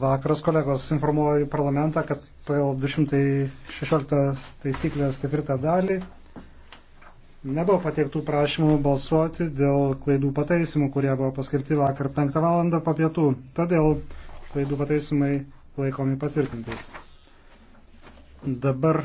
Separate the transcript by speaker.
Speaker 1: Vakaras kolegos informuoju parlamentą, kad pagal 216 taisyklės ketvirtą dalį nebuvo pateiktų prašymų balsuoti dėl klaidų pataisimų, kurie buvo paskirti vakar 5 val. po pietų. Todėl klaidų pataisimai laikomi patvirtintais. Dabar